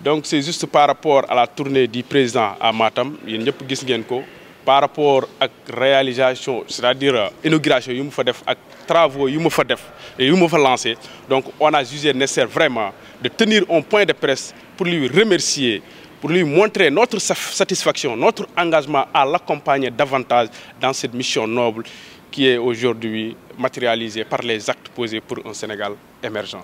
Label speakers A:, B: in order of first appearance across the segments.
A: donc c'est juste par rapport à la tournée du président à Matam yéen ñëpp gis ngeen ko par rapport ak réalisation c'est-à-dire euh, inauguration yu mu fa def ak travaux yu mu fa def yu mu fa lancé donc on a jugé nécessaire vraiment de tenir un point de presse pour lui remercier pour lui montrer notre satisfaction notre engagement à l'accompagner davantage dans cette mission noble qui est aujourd'hui matérialisée par les actes posés pour un Sénégal émergent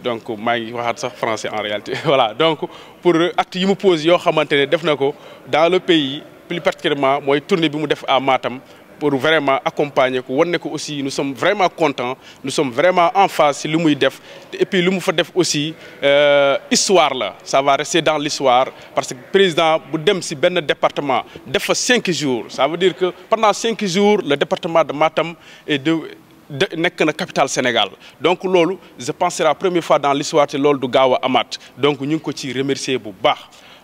A: donc maa ngi waxaat sax français en réalité voilà donc pour acte yi mu pose yoo xamante ne def na ko dans le pays plus particulièrement mooy tournée bi mu def à maatam pour vraiment accompagner ko wan ne ko aussi nu sommes vraiment contents nous sommes vraiment en phase si lu muy def et lu mu fa def aussi euh, histoire la ça va rester dans l'histoire parce que président bu dem si benn département def fa cinq jours ça veut dire que pendant cinq jours le département de Matam est nekk na capitale Sénégal donc loolu je pense premier fois dans l'histoire te loolu du gaaw amaat donc ñu ngi ko ci remercier bu baax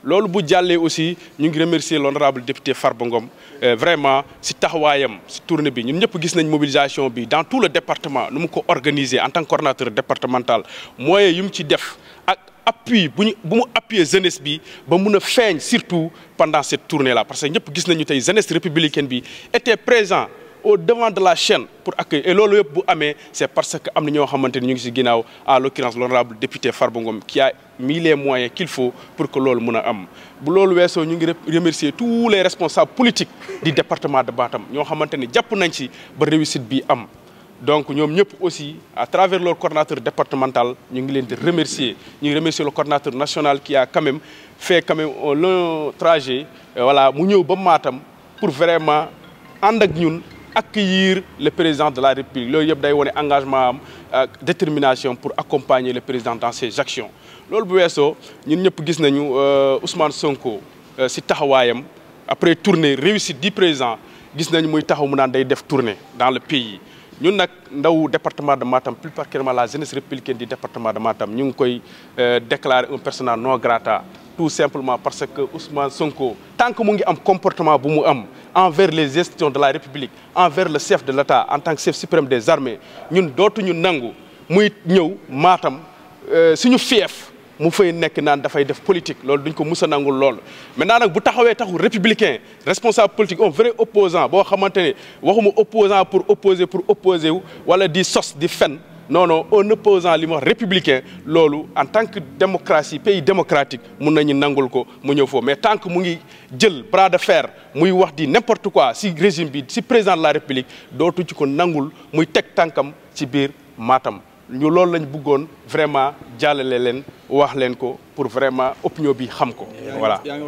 A: loolu bu jàllee aussi ñu ngi remercier l'honorable député Farba Ngom euh, vraiment ci taxawaayam ci tournée bi ñun ñëpp gis nañ mobilisation bi dans tout le département nu mu ko organiser en tant que coordonnateur départemental moyens yu mu ci def ak appui bu ñu bu mu appuyer jeunesse bi ba mun a feeñ surtout pendant cette tournée là parce que ñëpp gis nañu tey jeunesse républicaine bi était présent au devant de la chaîne pour accueillir et loolu yëpp bu amee c' est parce que am na ñoo xamante ni ñu ngi si ginnaaw en l'occurrence l'honorable député Farba Ngom qui a mis moyens qu'il faut pour que loolu mun a am bu loolu weesoo ñu ngi remercier tous les responsables politiques du département de Matam ñoo xamante ni jàpp nañ ci ba réussite bi am donc ñoom ñëpp aussi à travers leur coordonnateur départemental ñu ngi leen di remercier ñu ngi remercier le coordonnateur national qui a quand même fait quand même un long trajet euh, mu ñëw ba Matam pour vraiment ànd ak accueillir le président de la République loolu yëpp day wane engagement am détermination pour accompagner le président dans ses actions loolu bu weesoo ñun ñëpp gis nañu euh, Ousmane Sonko euh, si taxawaayam après tournée réussite di président gis nañ muy taxaw mu naan day def tournée dans le pays ñun nag ndaw département de Matam plus particulièrement la jeunesse républicaine du département de maatam ñu ngi koy euh, déclarer un persona non grata tout simplement parce que Ousmane Sonko tant que mu ngi am comportement bu mu am envers les gestions de la République envers le chef de l'État en tant que chef suprême des armées ñun dootuñu nangu muy ñëw Matam euh, suñu fief mu fay nekk naan dafay def politique loolu duñ ko mus nangu lool loolu maintenant nag bu taxawee taxu républicain responsable politique un vrai opposant boo xamante ne waxuma opposant pour opposer pour opposer wala di sos di fen non non un opposant li ma républicain loolu en tant que démocratie pays démocratique mun nañu nangul ko mu ñëw foofu mais tant que mu ngi jël bras de fer muy wax di n'importe quoi si régime bi si président de la république dootu ci ko nangul muy teg tànkam si biir maatam ñu loolu lañ bëggoon vraiment jàllale leen wax leen ko pour vraiment opinion bi xam ko voilà